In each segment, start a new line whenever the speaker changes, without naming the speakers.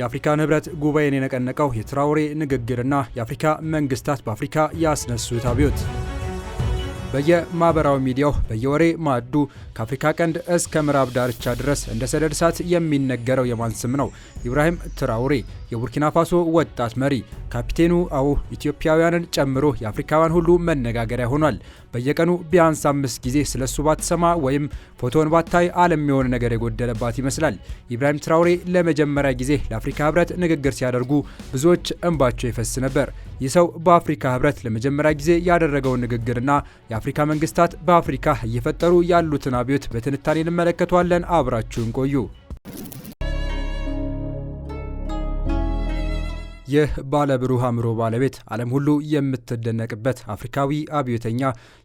የአፍሪካን ህብረት ጉባኤን የነቀነቀው የትራውሬ ንግግርና የአፍሪካ መንግስታት በአፍሪካ ያስነሱት አብዮት በየማህበራዊ ሚዲያው በየወሬ ማዕዱ ከአፍሪካ ቀንድ እስከ ምዕራብ ዳርቻ ድረስ እንደ ሰደድ እሳት የሚነገረው የማን ስም ነው? ኢብራሂም ትራውሬ የቡርኪና ፋሶ ወጣት መሪ ካፒቴኑ። አዎ ኢትዮጵያውያንን ጨምሮ የአፍሪካውያን ሁሉ መነጋገሪያ ሆኗል። በየቀኑ ቢያንስ አምስት ጊዜ ስለ እሱ ባትሰማ ወይም ፎቶን ባታይ ዓለም የሆነ ነገር የጎደለባት ይመስላል። ኢብራሂም ትራውሬ ለመጀመሪያ ጊዜ ለአፍሪካ ህብረት ንግግር ሲያደርጉ ብዙዎች እንባቸው ይፈስ ነበር። ይህ ሰው በአፍሪካ ህብረት ለመጀመሪያ ጊዜ ያደረገውን ንግግርና የአፍሪካ መንግስታት በአፍሪካ እየፈጠሩ ያሉትን አብዮት በትንታኔ እንመለከተዋለን። አብራችሁን ቆዩ። ይህ ባለብሩህ አምሮ አእምሮ ባለቤት ዓለም ሁሉ የምትደነቅበት አፍሪካዊ አብዮተኛ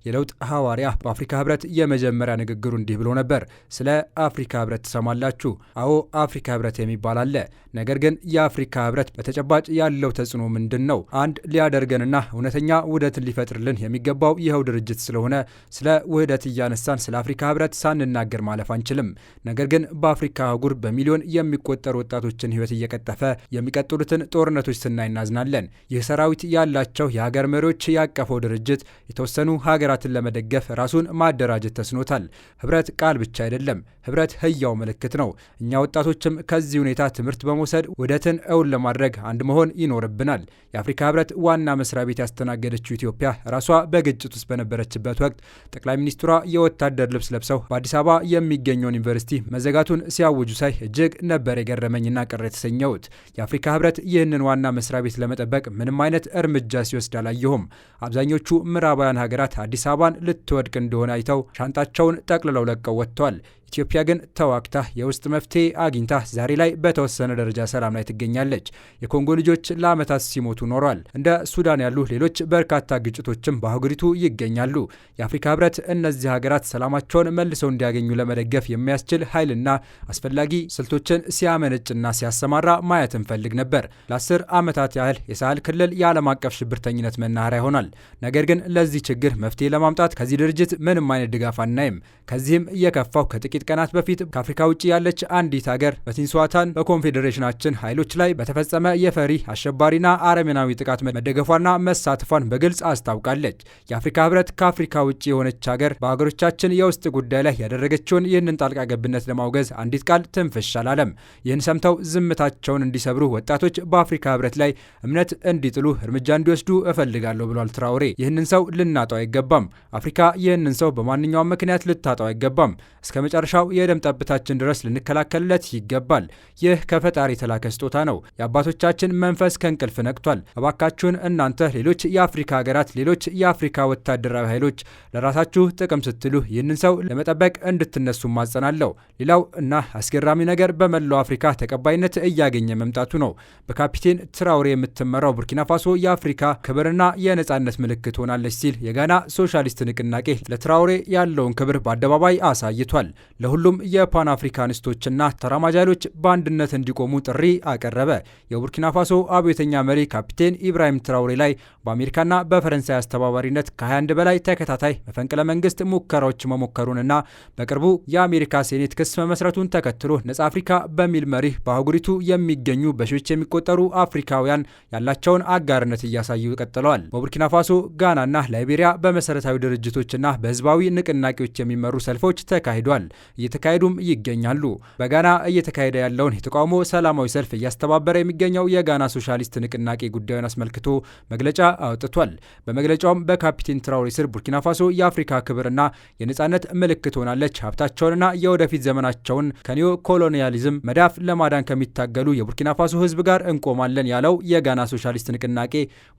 የለውጥ ሐዋርያ በአፍሪካ ህብረት የመጀመሪያ ንግግሩ እንዲህ ብሎ ነበር። ስለ አፍሪካ ህብረት ትሰማላችሁ? አዎ አፍሪካ ህብረት የሚባል አለ። ነገር ግን የአፍሪካ ህብረት በተጨባጭ ያለው ተጽዕኖ ምንድን ነው? አንድ ሊያደርገንና እውነተኛ ውህደትን ሊፈጥርልን የሚገባው ይኸው ድርጅት ስለሆነ ስለ ውህደት እያነሳን ስለ አፍሪካ ህብረት ሳንናገር ማለፍ አንችልም። ነገር ግን በአፍሪካ አህጉር በሚሊዮን የሚቆጠሩ ወጣቶችን ህይወት እየቀጠፈ የሚቀጥሉትን ጦርነቶች ድርጅቶች ስናይ ይህ ሰራዊት ያላቸው የሀገር መሪዎች ያቀፈው ድርጅት የተወሰኑ ሀገራትን ለመደገፍ ራሱን ማደራጀት ተስኖታል። ህብረት ቃል ብቻ አይደለም፣ ህብረት ህያው ምልክት ነው። እኛ ወጣቶችም ከዚህ ሁኔታ ትምህርት በመውሰድ ውህደትን እውን ለማድረግ አንድ መሆን ይኖርብናል። የአፍሪካ ህብረት ዋና መስሪያ ቤት ያስተናገደችው ኢትዮጵያ ራሷ በግጭት ውስጥ በነበረችበት ወቅት ጠቅላይ ሚኒስትሯ የወታደር ልብስ ለብሰው በአዲስ አበባ የሚገኘውን ዩኒቨርሲቲ መዘጋቱን ሲያውጁ ሳይ እጅግ ነበር የገረመኝና ቅር የተሰኘሁት። የአፍሪካ ህብረት ይህንን ዋና ዋና መስሪያ ቤት ለመጠበቅ ምንም አይነት እርምጃ ሲወስድ አላየሁም። አብዛኞቹ ምዕራባውያን ሀገራት አዲስ አበባን ልትወድቅ እንደሆነ አይተው ሻንጣቸውን ጠቅልለው ለቀው ወጥተዋል። ኢትዮጵያ ግን ተዋግታ የውስጥ መፍትሄ አግኝታ ዛሬ ላይ በተወሰነ ደረጃ ሰላም ላይ ትገኛለች። የኮንጎ ልጆች ለዓመታት ሲሞቱ ኖሯል። እንደ ሱዳን ያሉ ሌሎች በርካታ ግጭቶችም በአህጉሪቱ ይገኛሉ። የአፍሪካ ሕብረት እነዚህ ሀገራት ሰላማቸውን መልሰው እንዲያገኙ ለመደገፍ የሚያስችል ኃይልና አስፈላጊ ስልቶችን ሲያመነጭና ሲያሰማራ ማየት እንፈልግ ነበር። ለአስር ዓመታት ያህል የሳህል ክልል የዓለም አቀፍ ሽብርተኝነት መናኸሪያ ይሆናል። ነገር ግን ለዚህ ችግር መፍትሄ ለማምጣት ከዚህ ድርጅት ምንም አይነት ድጋፍ አናይም። ከዚህም እየከፋው ከጥቂት ከጥቂት ቀናት በፊት ከአፍሪካ ውጭ ያለች አንዲት ሀገር በቲንስዋታን በኮንፌዴሬሽናችን ኃይሎች ላይ በተፈጸመ የፈሪ አሸባሪና አረመናዊ ጥቃት መደገፏና መሳተፏን በግልጽ አስታውቃለች። የአፍሪካ ህብረት ከአፍሪካ ውጭ የሆነች ሀገር በሀገሮቻችን የውስጥ ጉዳይ ላይ ያደረገችውን ይህንን ጣልቃ ገብነት ለማውገዝ አንዲት ቃል ትንፍሽ አላለም። ይህን ሰምተው ዝምታቸውን እንዲሰብሩ ወጣቶች በአፍሪካ ህብረት ላይ እምነት እንዲጥሉ እርምጃ እንዲወስዱ እፈልጋለሁ ብሏል ትራውሬ። ይህንን ሰው ልናጣው አይገባም። አፍሪካ ይህንን ሰው በማንኛውም ምክንያት ልታጣው አይገባም። እስከ መጨረሻ መጨረሻው የደም ጠብታችን ድረስ ልንከላከልለት ይገባል። ይህ ከፈጣሪ የተላከ ስጦታ ነው። የአባቶቻችን መንፈስ ከእንቅልፍ ነቅቷል። እባካችሁን እናንተ ሌሎች የአፍሪካ ሀገራት፣ ሌሎች የአፍሪካ ወታደራዊ ኃይሎች ለራሳችሁ ጥቅም ስትሉ ይህንን ሰው ለመጠበቅ እንድትነሱ ማጸናለሁ። ሌላው እና አስገራሚ ነገር በመላው አፍሪካ ተቀባይነት እያገኘ መምጣቱ ነው። በካፒቴን ትራውሬ የምትመራው ቡርኪና ፋሶ የአፍሪካ ክብርና የነጻነት ምልክት ሆናለች ሲል የጋና ሶሻሊስት ንቅናቄ ለትራውሬ ያለውን ክብር በአደባባይ አሳይቷል። ለሁሉም የፓን አፍሪካኒስቶችና ተራማጅ ኃይሎች በአንድነት እንዲቆሙ ጥሪ አቀረበ። የቡርኪና ፋሶ አብዮተኛ መሪ ካፒቴን ኢብራሂም ትራውሬ ላይ በአሜሪካና በፈረንሳይ አስተባባሪነት ከ21 በላይ ተከታታይ መፈንቅለ መንግስት ሙከራዎች መሞከሩንና በቅርቡ የአሜሪካ ሴኔት ክስ መመስረቱን ተከትሎ ነጻ አፍሪካ በሚል መሪ በአህጉሪቱ የሚገኙ በሺዎች የሚቆጠሩ አፍሪካውያን ያላቸውን አጋርነት እያሳዩ ቀጥለዋል። በቡርኪና ፋሶ፣ ጋናና ላይቤሪያ በመሰረታዊ ድርጅቶችና በህዝባዊ ንቅናቄዎች የሚመሩ ሰልፎች ተካሂዷል። እየተካሄዱም ይገኛሉ። በጋና እየተካሄደ ያለውን የተቃውሞ ሰላማዊ ሰልፍ እያስተባበረ የሚገኘው የጋና ሶሻሊስት ንቅናቄ ጉዳዩን አስመልክቶ መግለጫ አውጥቷል። በመግለጫውም በካፒቴን ትራውሬ ስር ቡርኪና ፋሶ የአፍሪካ ክብርና የነጻነት ምልክት ሆናለች፣ ሀብታቸውንና የወደፊት ዘመናቸውን ከኒዮ ኮሎኒያሊዝም መዳፍ ለማዳን ከሚታገሉ የቡርኪና ፋሶ ህዝብ ጋር እንቆማለን ያለው የጋና ሶሻሊስት ንቅናቄ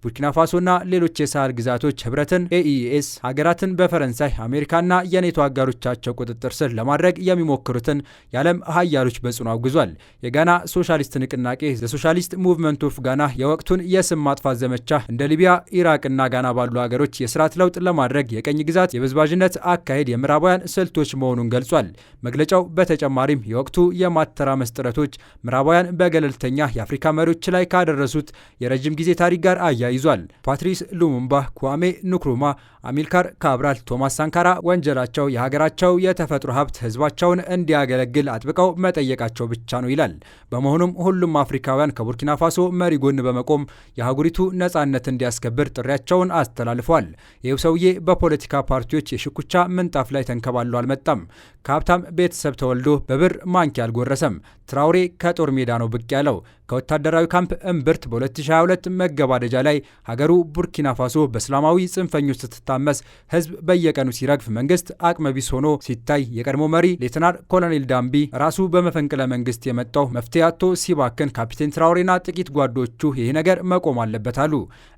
ቡርኪና ፋሶና ሌሎች የሳህል ግዛቶች ህብረትን ኤኢኤስ ሀገራትን በፈረንሳይ አሜሪካና የኔቶ አጋሮቻቸው ቁጥጥር ስር ለማ ለማድረግ የሚሞክሩትን የዓለም ሀያሎች በጽኑ አውግዟል። የጋና ሶሻሊስት ንቅናቄ ዘሶሻሊስት ሙቭመንት ኦፍ ጋና የወቅቱን የስም ማጥፋት ዘመቻ እንደ ሊቢያ፣ ኢራቅና ጋና ባሉ ሀገሮች የስርዓት ለውጥ ለማድረግ የቀኝ ግዛት የበዝባዥነት አካሄድ የምዕራባውያን ስልቶች መሆኑን ገልጿል። መግለጫው በተጨማሪም የወቅቱ የማተራመስ ጥረቶች ምዕራባውያን በገለልተኛ የአፍሪካ መሪዎች ላይ ካደረሱት የረዥም ጊዜ ታሪክ ጋር አያይዟል። ፓትሪስ ሉሙምባ፣ ኳሜ ንክሩማ አሚልካር ካብራል፣ ቶማስ ሳንካራ ወንጀላቸው የሀገራቸው የተፈጥሮ ሀብት ህዝባቸውን እንዲያገለግል አጥብቀው መጠየቃቸው ብቻ ነው ይላል። በመሆኑም ሁሉም አፍሪካውያን ከቡርኪና ፋሶ መሪ ጎን በመቆም የአህጉሪቱ ነጻነት እንዲያስከብር ጥሪያቸውን አስተላልፏል። ይህው ሰውዬ በፖለቲካ ፓርቲዎች የሽኩቻ ምንጣፍ ላይ ተንከባሎ አልመጣም። ከሀብታም ቤተሰብ ተወልዶ በብር ማንኪያ አልጎረሰም። ትራውሬ ከጦር ሜዳ ነው ብቅ ያለው። ከወታደራዊ ካምፕ እምብርት በ2022 መገባደጃ ላይ ሀገሩ ቡርኪና ፋሶ በእስላማዊ ጽንፈኞች ስትታመስ ህዝብ በየቀኑ ሲረግፍ መንግስት አቅመቢስ ሆኖ ሲታይ የቀድሞ መሪ ሌተናር ኮሎኔል ዳምቢ ራሱ በመፈንቅለ መንግስት የመጣው መፍትሄ አቶ ሲባክን ካፒቴን ትራውሬና ጥቂት ጓዶቹ ይህ ነገር መቆም አለበት አሉ።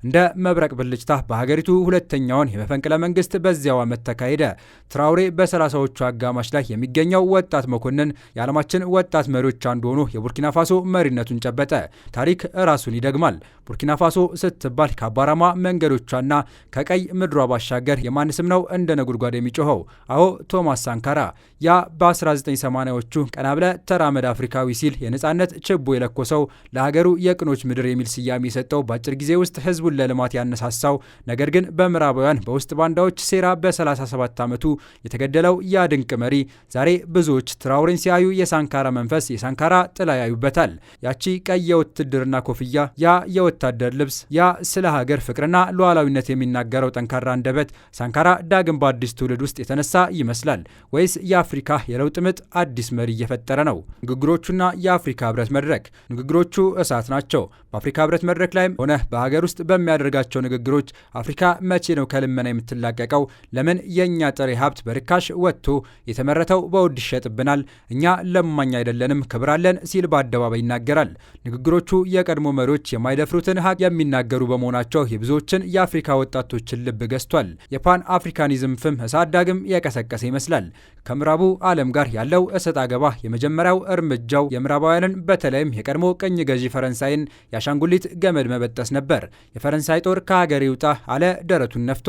እንደ መብረቅ ብልጭታ በሀገሪቱ ሁለተኛውን የመፈንቅለ መንግስት በዚያው ዓመት ተካሄደ። ትራውሬ በሰላሳዎቹ አጋማሽ ላይ የሚገኘው ወጣት መኮንን የዓለማችን ወጣት መሪዎች አንዱ ሆኖ የቡርኪና ፋሶ መሪነቱን ጨበ ተጨበጠ። ታሪክ ራሱን ይደግማል። ቡርኪና ፋሶ ስትባል ከአባራማ መንገዶቿና ከቀይ ምድሯ ባሻገር የማን ስም ነው እንደ ነጉድጓድ የሚጮኸው? አዎ ቶማስ ሳንካራ። ያ በ1980ዎቹ ቀና ብለ ተራመድ አፍሪካዊ ሲል የነፃነት ችቦ የለኮሰው ለሀገሩ የቅኖች ምድር የሚል ስያሜ የሰጠው በአጭር ጊዜ ውስጥ ህዝቡን ለልማት ያነሳሳው ነገር ግን በምዕራባውያን በውስጥ ባንዳዎች ሴራ በ37 ዓመቱ የተገደለው ያ ድንቅ መሪ ዛሬ ብዙዎች ትራውሬን ሲያዩ የሳንካራ መንፈስ የሳንካራ ጥላ ያዩበታል። ያቺ ቀይ የውትድርና ኮፍያ፣ ያ የወታደር ልብስ፣ ያ ስለ ሀገር ፍቅርና ሉዓላዊነት የሚናገረው ጠንካራ አንደበት ሳንካራ ዳግም በአዲስ ትውልድ ውስጥ የተነሳ ይመስላል ወይስ የአፍሪካ የለውጥ ምጥ አዲስ መሪ እየፈጠረ ነው? ንግግሮቹና የአፍሪካ ህብረት መድረክ ንግግሮቹ እሳት ናቸው። በአፍሪካ ህብረት መድረክ ላይም ሆነ በሀገር ውስጥ በሚያደርጋቸው ንግግሮች አፍሪካ መቼ ነው ከልመና የምትላቀቀው? ለምን የእኛ ጥሬ ሀብት በርካሽ ወጥቶ የተመረተው በውድ ይሸጥብናል? እኛ ለማኝ አይደለንም፣ ክብር አለን ሲል በአደባባይ ይናገራል። ንግግሮቹ የቀድሞ መሪዎች የማይደፍሩትን ሀቅ የሚናገሩ በመሆናቸው የብዙዎችን የአፍሪካ ወጣቶችን ልብ ገዝቷል። የፓን አፍሪካኒዝም ፍም እሳት ዳግም የቀሰቀሰ ይመስላል። ከምዕራቡ ዓለም ጋር ያለው እሰጥ አገባ የመጀመሪያው እርምጃው የምዕራባውያንን በተለይም የቀድሞ ቅኝ ገዢ ፈረንሳይን የአሻንጉሊት ገመድ መበጠስ ነበር። የፈረንሳይ ጦር ከሀገር ይውጣ አለ ደረቱን ነፍቶ።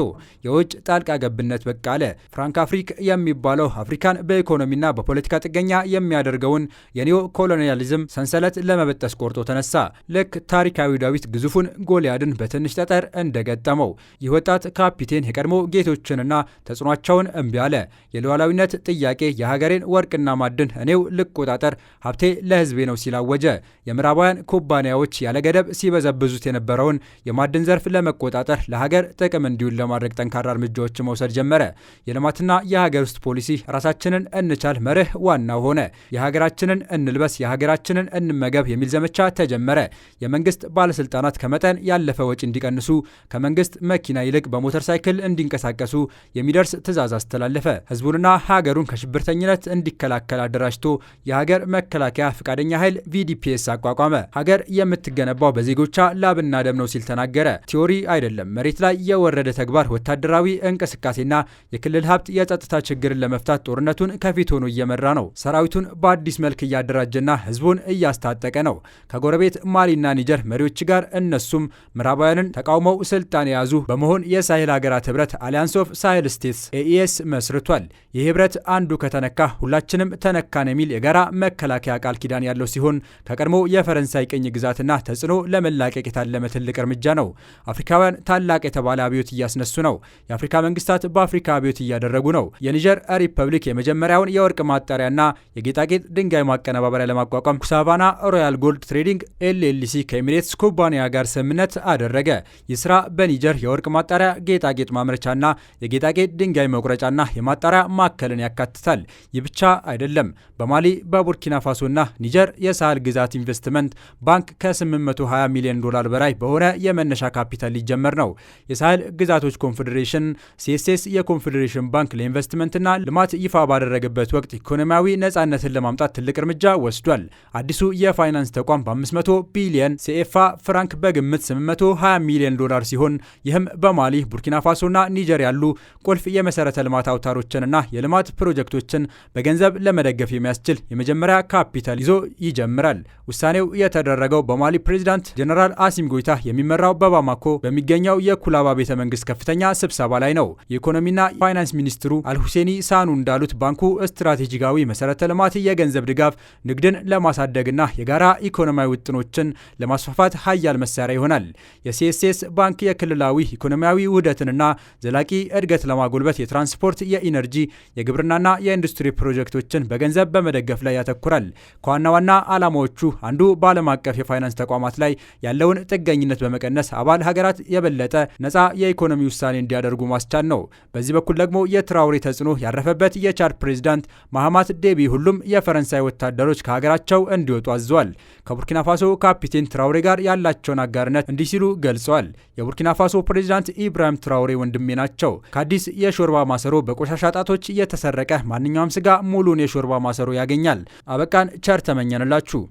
የውጭ ጣልቃ ገብነት በቃ አለ። ፍራንክ አፍሪክ የሚባለው አፍሪካን በኢኮኖሚና በፖለቲካ ጥገኛ የሚያደርገውን የኒዮ ኮሎኒያሊዝም ሰንሰለት ለመበጠስ ቆርጦ ተነሳ። ልክ ታሪካዊ ዳዊት ግዙፉን ጎልያድን በትንሽ ጠጠር እንደገጠመው ይህ ወጣት ካፒቴን የቀድሞ ጌቶችንና ተጽዕኗቸውን እምቢ አለ። የሉዓላዊነት ጥያቄ የሀገሬን ወርቅና ማድን እኔው ልቆጣጠር፣ ሀብቴ ለህዝቤ ነው ሲላወጀ የምዕራባውያን ኩባንያዎች ያለገደብ ሲበዘብዙት የነበረውን የማድን ዘርፍ ለመቆጣጠር ለሀገር ጥቅም እንዲውል ለማድረግ ጠንካራ እርምጃዎች መውሰድ ጀመረ። የልማትና የሀገር ውስጥ ፖሊሲ ራሳችንን እንቻል መርህ ዋናው ሆነ። የሀገራችንን እንልበስ፣ የሀገራችንን እንመገብ የሚል ዘመ ዘመቻ ተጀመረ። የመንግስት ባለስልጣናት ከመጠን ያለፈ ወጪ እንዲቀንሱ፣ ከመንግስት መኪና ይልቅ በሞተር ሳይክል እንዲንቀሳቀሱ የሚደርስ ትዕዛዝ አስተላለፈ። ህዝቡንና ሀገሩን ከሽብርተኝነት እንዲከላከል አደራጅቶ የሀገር መከላከያ ፈቃደኛ ኃይል ቪዲፒኤስ አቋቋመ። ሀገር የምትገነባው በዜጎቿ ላብና ደም ነው ሲል ተናገረ። ቲዎሪ አይደለም፣ መሬት ላይ የወረደ ተግባር። ወታደራዊ እንቅስቃሴና የክልል ሀብት የጸጥታ ችግርን ለመፍታት ጦርነቱን ከፊት ሆኖ እየመራ ነው። ሰራዊቱን በአዲስ መልክ እያደራጀና ህዝቡን እያስታጠቀ ነው። ከጎረቤት ማሊና ኒጀር መሪዎች ጋር እነሱም ምዕራባውያንን ተቃውመው ስልጣን የያዙ በመሆን የሳሄል ሀገራት ህብረት አሊያንስ ኦፍ ሳሄል ስቴትስ ኤኢኤስ መስርቷል። ይህ ህብረት አንዱ ከተነካ ሁላችንም ተነካን የሚል የጋራ መከላከያ ቃል ኪዳን ያለው ሲሆን ከቀድሞ የፈረንሳይ ቅኝ ግዛትና ተጽዕኖ ለመላቀቅ የታለመ ትልቅ እርምጃ ነው። አፍሪካውያን ታላቅ የተባለ አብዮት እያስነሱ ነው። የአፍሪካ መንግስታት በአፍሪካ አብዮት እያደረጉ ነው። የኒጀር ሪፐብሊክ የመጀመሪያውን የወርቅ ማጣሪያና የጌጣጌጥ ድንጋይ ማቀነባበሪያ ለማቋቋም ኩሳቫና ሮያል ጎልድ ትሬዲንግ ኤልኤልሲ ከኤሚሬትስ ኩባንያ ጋር ስምምነት አደረገ። ይህ ስራ በኒጀር የወርቅ ማጣሪያ፣ ጌጣጌጥ ማምረቻና የጌጣጌጥ ድንጋይ መቁረጫና የማጣሪያ ማዕከልን ያካትታል። ይህ ብቻ አይደለም። በማሊ በቡርኪና ፋሶና ኒጀር የሳህል ግዛት ኢንቨስትመንት ባንክ ከ820 ሚሊዮን ዶላር በላይ በሆነ የመነሻ ካፒታል ሊጀመር ነው። የሳህል ግዛቶች ኮንፌዴሬሽን ሲኤስኤስ የኮንፌዴሬሽን ባንክ ለኢንቨስትመንትና ልማት ይፋ ባደረገበት ወቅት ኢኮኖሚያዊ ነጻነትን ለማምጣት ትልቅ እርምጃ ወስዷል። አዲሱ የፋይናንስ ተቋም በ500 ቢሊየን ሲኤፋ ፍራንክ በግምት 820 ሚሊዮን ዶላር ሲሆን ይህም በማሊ ቡርኪና እና ኒጀር ያሉ ቁልፍ የመሰረተ ልማት አውታሮችንና የልማት ፕሮጀክቶችን በገንዘብ ለመደገፍ የሚያስችል የመጀመሪያ ካፒታል ይዞ ይጀምራል። ውሳኔው የተደረገው በማሊ ፕሬዚዳንት ጀነራል አሲም ጎይታ የሚመራው በባማኮ በሚገኘው የኩላባ ቤተ መንግስት ከፍተኛ ስብሰባ ላይ ነው። የኢኮኖሚና ፋይናንስ ሚኒስትሩ አልሁሴኒ ሳኑ እንዳሉት ባንኩ ስትራቴጂካዊ መሰረተ ልማት፣ የገንዘብ ድጋፍ፣ ንግድን ለማሳደግና የጋራ ኢኮኖሚ ኢኮኖሚያዊ ውጥኖችን ለማስፋፋት ሀያል መሳሪያ ይሆናል። የሲኤስኤስ ባንክ የክልላዊ ኢኮኖሚያዊ ውህደትንና ዘላቂ እድገት ለማጎልበት የትራንስፖርት፣ የኢነርጂ፣ የግብርናና የኢንዱስትሪ ፕሮጀክቶችን በገንዘብ በመደገፍ ላይ ያተኩራል። ከዋና ዋና ዓላማዎቹ አንዱ በዓለም አቀፍ የፋይናንስ ተቋማት ላይ ያለውን ጥገኝነት በመቀነስ አባል ሀገራት የበለጠ ነፃ የኢኮኖሚ ውሳኔ እንዲያደርጉ ማስቻል ነው። በዚህ በኩል ደግሞ የትራውሬ ተጽዕኖ ያረፈበት የቻድ ፕሬዚዳንት ማህማት ዴቢ ሁሉም የፈረንሳይ ወታደሮች ከሀገራቸው እንዲወጡ አዘዋል። ከቡርኪና ፋሶ ካፒቴን ትራውሬ ጋር ያላቸውን አጋርነት እንዲህ ሲሉ ገልጸዋል። የቡርኪና ፋሶ ፕሬዚዳንት ኢብራሂም ትራውሬ ወንድሜ ናቸው። ከአዲስ የሾርባ ማሰሮ በቆሻሻ ጣቶች የተሰረቀ ማንኛውም ስጋ ሙሉን የሾርባ ማሰሮ ያገኛል። አበቃን። ቸር ተመኘንላችሁ።